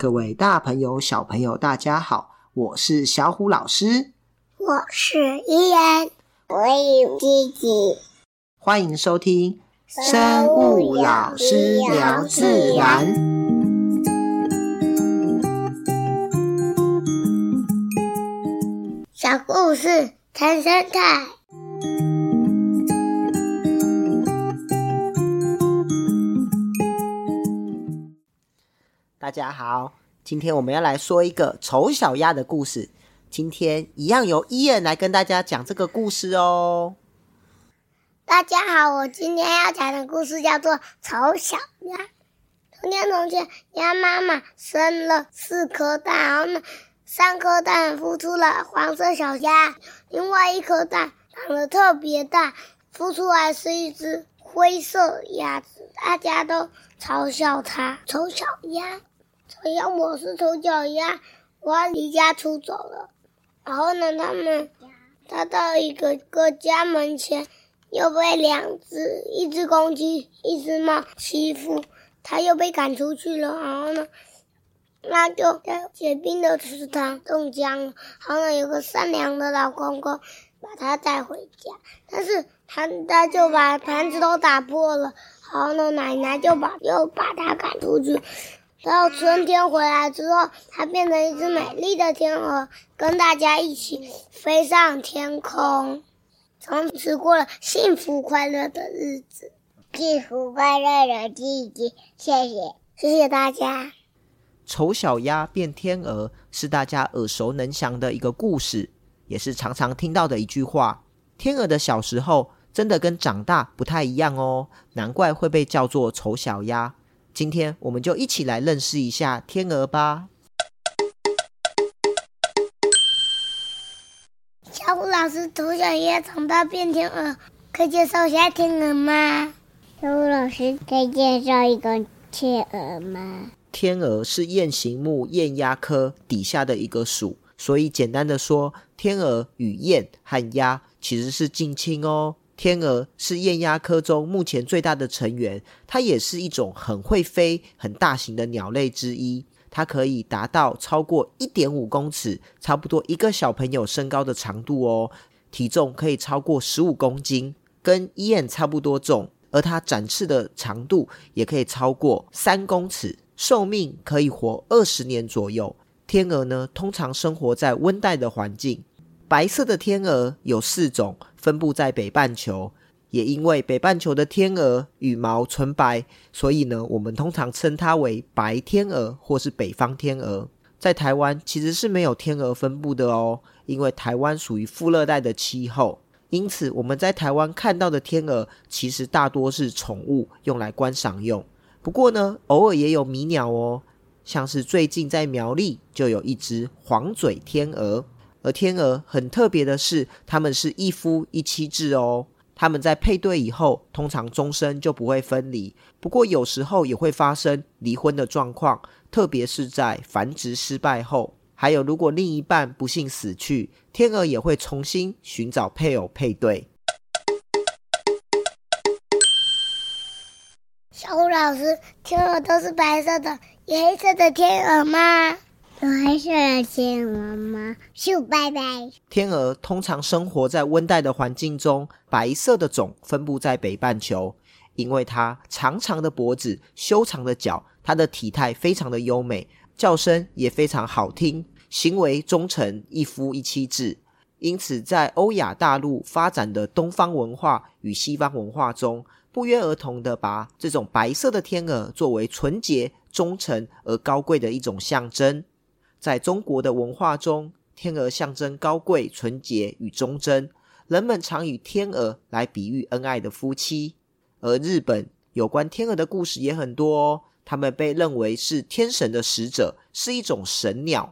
各位大朋友、小朋友，大家好！我是小虎老師，我是依然，我也有吉吉。歡迎收聽《生物老師聊自然》小故事談生態。大家好。今天我們要來說一個醜小鴨的故事。今天一樣由伊恩來跟大家講這個故事哦。大家好，我今天要講的故事叫做《醜小鴨》。從前，從前，鴨媽媽生了四顆蛋，然後呢，三顆蛋孵出了黃色小鴨，另外一顆蛋長得特別大，孵出來是一隻灰色鴨子。大家都嘲笑它醜小鴨。好像我是醜小鴨，我要離家出走了。然後呢，他們他到一個一個家門前，又被兩只一只公雞，一只貓欺負，他又被趕出去了。然後呢，那就在結冰的池塘凍僵了。然後呢，有個善良的老公公把他帶回家，但是他他就把盤子都打破了。然後呢，奶奶就把又把他趕出去。到春天回來之後，它變成一隻美麗的天鵝，跟大家一起飛上天空，從此過了幸福快樂的日子。幸福快樂的季節，謝謝，謝謝大家。醜小鴨變天鵝是大家耳熟能詳的一個故事，也是常常聽到的一句話。天鵝的小時候真的跟長大不太一樣哦，難怪會被叫做醜小鴨。今天我們就一起來認識一下天鵝吧。小虎老師，醜小鴨長大變天鵝，可以介紹一下天鵝嗎？小虎老師，可以介紹一個天鵝嗎？天鵝是雁形目雁鴨科底下的一個屬，所以簡單的說，天鵝與雁和鴨其實是近親哦。天鵝是雁鴨科中目前最大的成員，它也是一種很會飛、很大型的鳥類之一。它可以達到超過一點五公尺，差不多一個小朋友身高的長度哦。體重可以超過十五公斤，跟雁鵝差不多重。而它展翅的長度也可以超過三公尺，壽命可以活二十年左右。天鵝呢，通常生活在溫帶的環境。白色的天鵝有四種。分布在北半球，也因為北半球的天鵝羽毛純白，所以呢，我們通常稱它為白天鵝或是北方天鵝。在台灣其實是沒有天鵝分布的哦，因為台灣屬於副熱帶的氣候，因此我們在台灣看到的天鵝其實大多是寵物用來觀賞用。不過呢，偶爾也有迷鳥哦，像是最近在苗栗就有一只黃嘴天鵝。而天鵝很特別的是，它們是一夫一妻制哦。它們在配對以後，通常終身就不會分離。不過有時候也會發生離婚的狀況，特別是在繁殖失敗後。還有，如果另一半不幸死去，天鵝也會重新尋找配偶配對。小虎老師，天鵝都是白色的，有黑色的天鵝嗎？我還是天鵝嗎？說拜拜。天鵝通常生活在溫帶的環境中，白色的種分布在北半球。因為它長長的脖子、修長的腳，它的體態非常的優美，叫聲也非常好聽，行為忠誠，一夫一妻制。因此，在歐亞大陸發展的東方文化與西方文化中，不約而同地把這種白色的天鵝作為純潔、忠誠而高貴的一種象徵。在中國的文化中，天鵝象徵高貴、純潔與忠貞，人們常以天鵝來比喻恩愛的夫妻。而日本有關天鵝的故事也很多哦，他們被認為是天神的使者，是一種神鳥。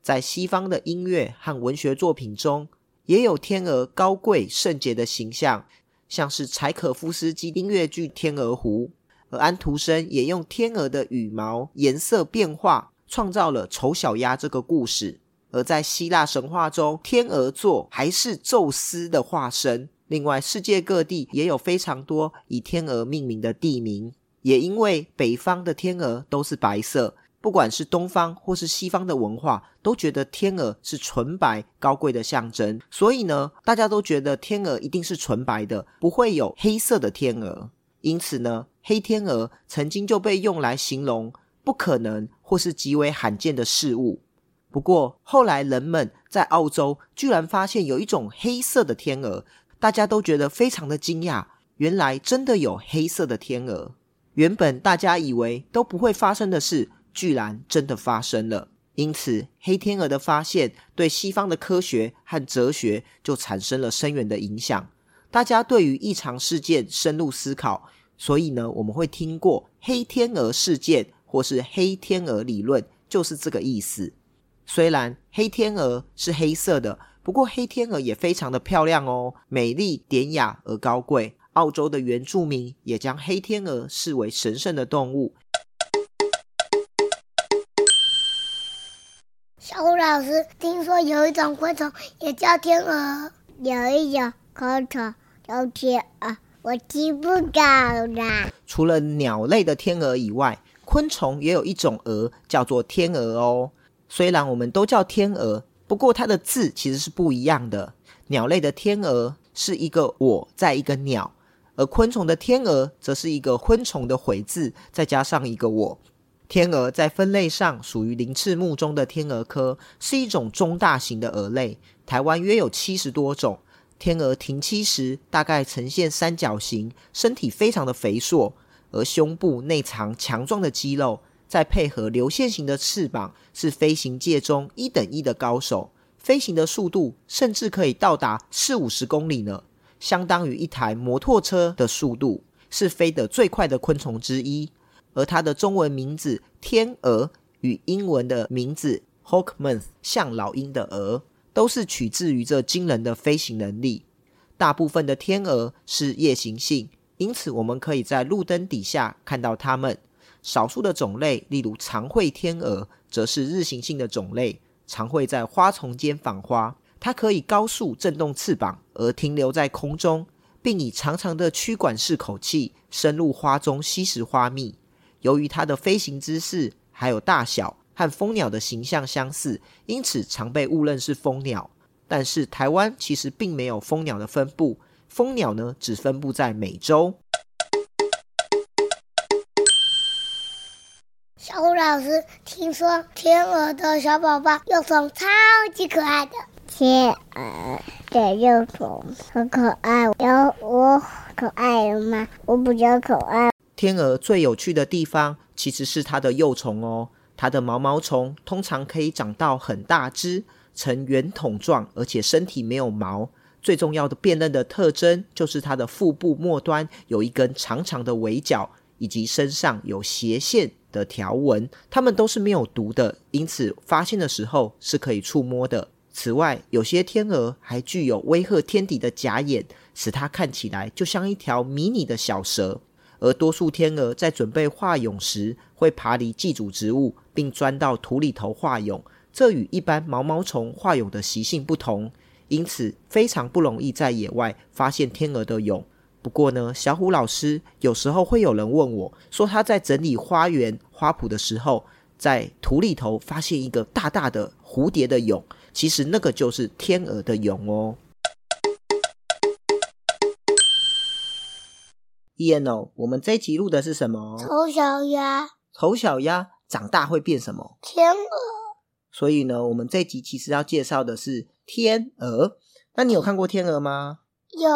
在西方的音樂和文學作品中，也有天鵝高貴聖潔的形象，像是柴可夫斯基音樂劇《天鵝湖》，而安徒生也用天鵝的羽毛顏色變化。創造了醜小鴨這個故事，而在希臘神話中，天鵝座還是宙斯的化身。另外，世界各地也有非常多以天鵝命名的地名。也因為北方的天鵝都是白色，不管是東方或是西方的文化，都覺得天鵝是純白高貴的象徵。所以呢，大家都覺得天鵝一定是純白的，不會有黑色的天鵝。因此呢，黑天鵝曾經就被用來形容。不可能，或是極為罕見的事物。不過後來，人們在澳洲居然發現有一種黑色的天鵝，大家都覺得非常的驚訝。原來真的有黑色的天鵝。原本大家以為都不會發生的事，居然真的發生了。因此，黑天鵝的發現對西方的科學和哲學就產生了深遠的影響。大家對於異常事件深入思考，所以呢，我們會聽過黑天鵝事件，或是黑天鵝理論就是這個意思。雖然黑天鵝是黑色的，不過黑天鵝也非常的漂亮哦，美麗、典雅而高貴。澳洲的原住民也將黑天鵝視為神聖的動物。小虎老師，聽說有一種昆蟲也叫天蛾，有一種昆蟲，叫天蛾，我聽不懂啦！除了鳥類的天鵝以外，昆蟲也有一種蛾，叫做天蛾哦。雖然我們都叫天鵝，不過它的字其實是不一樣的。鳥類的天鵝是一個“我”再一個“鳥”，而昆蟲的天蛾則是一個昆蟲的“回”字，再加上一個“我”。天蛾在分類上屬於鱗翅目中的天蛾科，是一種中大型的蛾類。台灣約有七十多種天蛾。停棲時，大概呈現三角形，身體非常的肥碩。而胸部內藏強壯的肌肉，再配合流線型的翅膀，是飛行界中一等一的高手。飛行的速度甚至可以到達四五十公里呢，相當於一台摩托車的速度，是飛得最快的昆蟲之一。而它的中文名字“天蛾”與英文的名字 Hawkmoth 像老鷹的蛾，都是取自於這驚人的飛行能力。大部分的天蛾是夜行性。因此，我們可以在路燈底下看到它們。少數的種類，例如長喙天蛾，則是日行性的種類，常會在花叢間訪花。它可以高速振動翅膀而停留在空中，並以長長的曲管式口氣深入花中吸食花蜜。由於它的飛行姿勢還有大小和蜂鳥的形象相似，因此常被誤認是蜂鳥。但是，台灣其實並沒有蜂鳥的分布。蜂鳥呢，只分布在美洲。小虎老師聽說，天蛾的小寶寶幼蟲超級可愛的。天蛾的、呃、幼蟲很可愛，有我、哦、可愛了嗎？我比較可愛。天蛾最有趣的地方其實是它的幼蟲哦，它的毛毛蟲通常可以長到很大只，呈圓筒狀，而且身體沒有毛。最重要的辨認的特徵就是它的腹部末端有一根長長的尾角，以及身上有斜線的條紋。它們都是沒有毒的，因此發現的時候是可以觸摸的。此外，有些天蛾還具有威嚇天敵的假眼，使它看起來就像一條迷你的小蛇。而多數天蛾在準備化蛹時，會爬離寄主植物，並鑽到土裡頭化蛹。這與一般毛毛蟲化蛹的習性不同。因此非常不容易在野外發現天蛾的蛹。不過呢，小虎老師有時候會有人問我說：“他在整理花園花圃的時候，在土裡頭發現一個大大的蝴蝶的蛹，其實那個就是天蛾的蛹哦。”E N O，我們這集錄的是什麼？醜小鴨。醜小鴨長大會變什麼？天鵝。所以呢，我們這集其實要介紹的是。天鵝？那你有看過天鵝嗎？有，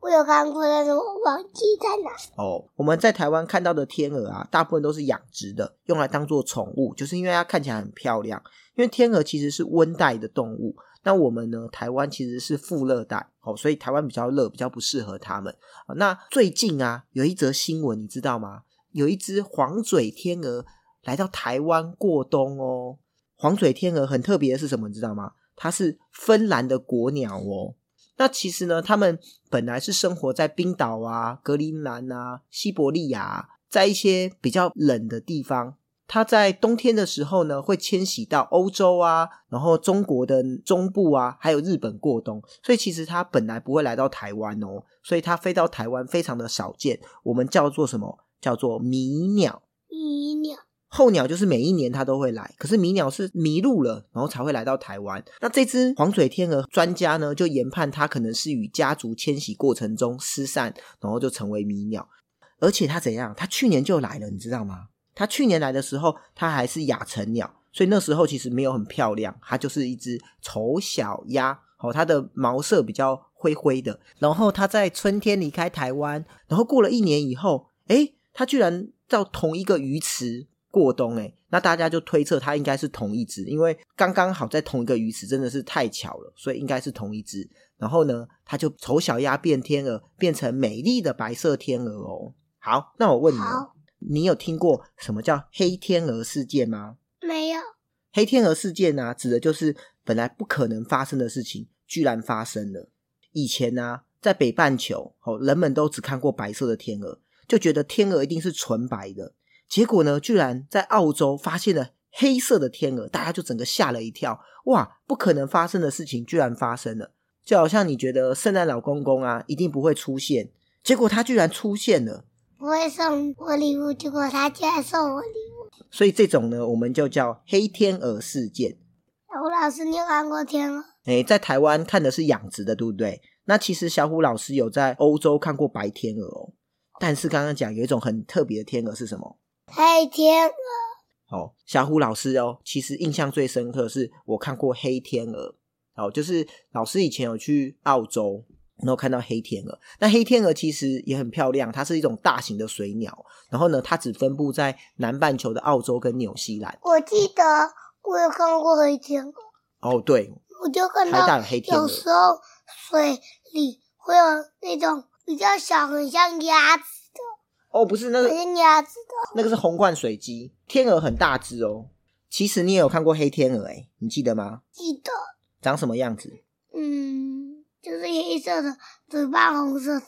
我有看過，但是我忘記在哪。哦，oh, 我們在台灣看到的天鵝啊，大部分都是養殖的，用來當做寵物，就是因為它看起來很漂亮。因為天鵝其實是溫帶的動物，那我們呢？台灣其實是副熱帶，哦、喔，所以台灣比較熱，比較不適合它們、喔。那最近啊，有一則新聞，你知道嗎？有一只黃嘴天鵝來到台灣過冬哦、喔。黃嘴天鵝很特別的是什麼？你知道嗎？它是芬蘭的國鳥哦。那其實呢，它們本來是生活在冰島啊、格陵蘭啊、西伯利亞、啊，在一些比較冷的地方。它在冬天的時候呢，會遷徙到歐洲啊，然後中國的中部啊，還有日本過冬。所以其實它本來不會來到台灣哦，所以它飛到台灣非常的少見。我們叫做什麼？叫做迷鳥。迷鳥。候鳥就是每一年它都會來，可是迷鳥是迷路了，然後才會來到台灣。那這隻黃嘴天鵝專家呢，就研判它可能是與家族遷徙過程中失散，然後就成為迷鳥。而且它怎樣？它去年就來了，你知道嗎？它去年來的時候，它還是亞成鳥，所以那時候其實沒有很漂亮，它就是一只醜小鴨。好，它的毛色比較灰灰的。然後它在春天離開台灣，然後過了一年以後，誒，它居然到同一個魚池。過冬欸，那大家就推測它應該是同一隻，因為剛剛好在同一個魚池，真的是太巧了，所以應該是同一隻。然後呢，它就醜小鴨變天鵝，變成美麗的白色天鵝哦。好，那我問你，好你有聽過什麼叫黑天鵝事件嗎？沒有。黑天鵝事件呢、啊，指的就是本來不可能發生的事情，居然發生了。以前呢、啊，在北半球、哦，人們都只看過白色的天鵝，就覺得天鵝一定是純白的。結果呢，居然在澳洲發現了黑色的天鵝，大家就整個嚇了一跳。哇，不可能發生的事情居然發生了，就好像你覺得聖誕老公公啊一定不會出現，結果他居然出現了，不會送我禮物，結果他居然送我禮物。所以這種呢，我們就叫黑天鵝事件。小虎老、老師，你有看過天鵝？哎，在台灣看的是養殖的，對不對？那其實小虎老師有在歐洲看過白天鵝哦。但是剛剛講有一種很特別的天鵝是什麼？黑天鵝哦，小虎老師哦，其實印象最深刻是我看過黑天鵝哦，就是老師以前有去澳洲，然後看到黑天鵝。那黑天鵝其實也很漂亮，它是一種大型的水鳥。然後呢，它只分布在南半球的澳洲跟紐西蘭。我記得我有看過黑天鵝哦，對，我就看到黑天鵝。有時候水裡會有那種比較小，很像鴨子。哦，不是那個，是那個是紅冠水雞，天鵝很大隻哦。其實你也有看過黑天鵝，誒，你記得嗎？記得。長什麼樣子？嗯，就是黑色的，嘴巴紅色的，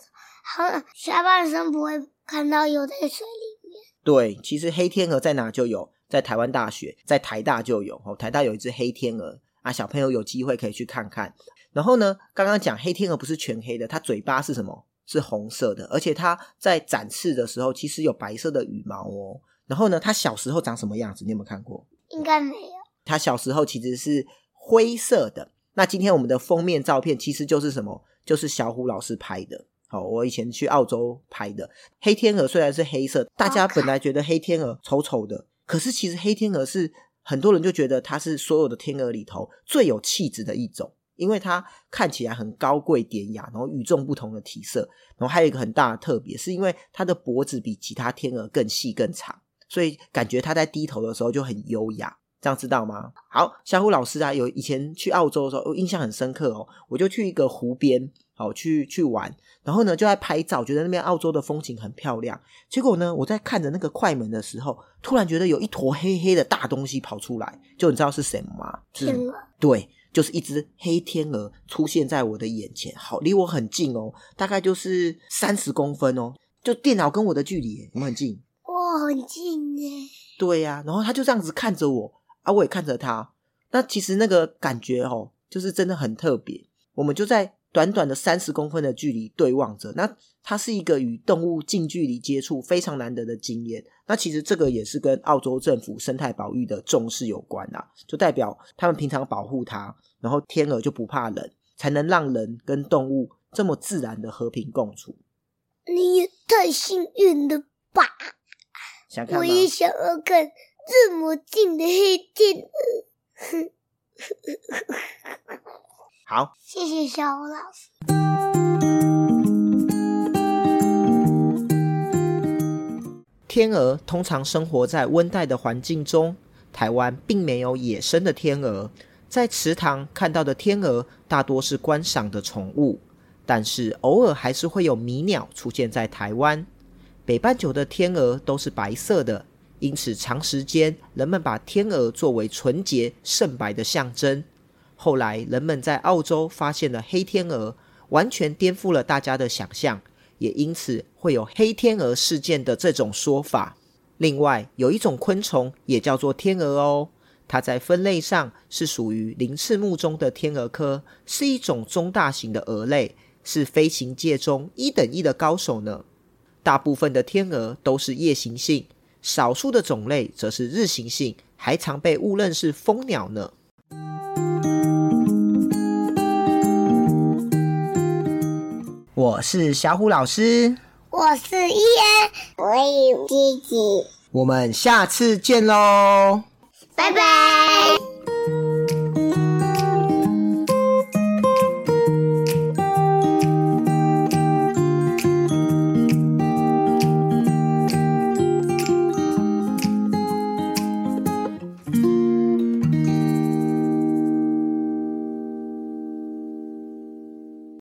然後下半身不會看到，有在水裡面。對，其實黑天鵝在哪就有，在台灣大學，在台大就有。哦，台大有一隻黑天鵝，啊，小朋友有機會可以去看看。然後呢，剛剛講黑天鵝不是全黑的，它嘴巴是什麼？是紅色的，而且它在展示的時候其實有白色的羽毛哦。然後呢，它小時候長什麼樣子？你有沒有看過？應該沒有。它小時候其實是灰色的。那今天我們的封面照片其實就是什麼？就是小虎老師拍的。哦，我以前去澳洲拍的黑天鵝，雖然是黑色，大家本來覺得黑天鵝醜丑丑的，可是其實黑天鵝是很多人就覺得它是所有的天鵝裡頭最有氣質的一種。因為它看起來很高貴典雅，然後與眾不同的體色，然後還有一個很大的特別，是因為它的脖子比其他天鵝更細更長，所以感覺它在低頭的時候就很優雅，這樣知道嗎？好，小虎老師啊，有以前去澳洲的時候，哦，印象很深刻哦，我就去一個湖邊，好、哦、去去玩，然後呢就在拍照，覺得那邊澳洲的風景很漂亮，結果呢，我在看着那個快門的時候，突然覺得有一坨黑黑的大東西跑出來，就你知道是什麼嗎？天鵝，對。就是一隻黑天鵝出現在我的眼前，好，離我很近哦，大概就是三十公分哦，就電腦跟我的距離，我們很近，哇，很近耶，對呀，啊，然後他就這樣子看着我，啊，我也看着他，那其實那個感覺哦，就是真的很特別，我們就在。短短的三十公分的距離對望着，那它是一個與動物近距離接觸非常難得的經驗。那其實這個也是跟澳洲政府生態保育的重視有關啊，就代表他們平常保護它，然後天鵝就不怕人，才能讓人跟動物這麼自然的和平共處。你也太幸運了吧！想看。我也想要看這麼近的黑天鵝。 好，謝謝小虎老師。天鵝通常生活在溫帶的環境中，台灣並沒有野生的天鵝。在池塘看到的天鵝大多是觀賞的寵物，但是偶爾還是會有迷鳥出現在台灣。北半球的天鵝都是白色的，因此長時間人們把天鵝作為純潔、聖白的象徵。後來，人們在澳洲發現了黑天鵝，完全顛覆了大家的想象，也因此會有黑天鵝事件的這種說法。另外，有一種昆蟲也叫做天蛾喔，它在分類上是屬於鱗翅目中的天蛾科，是一種中大型的蛾類，是飛行界中一等一的高手呢。大部分的天蛾都是夜行性，少數的種類則是日行性，還常被誤認是蜂鳥呢。我是小虎老師，我是伊恩，我有弟弟，我們下次見嘍，拜拜。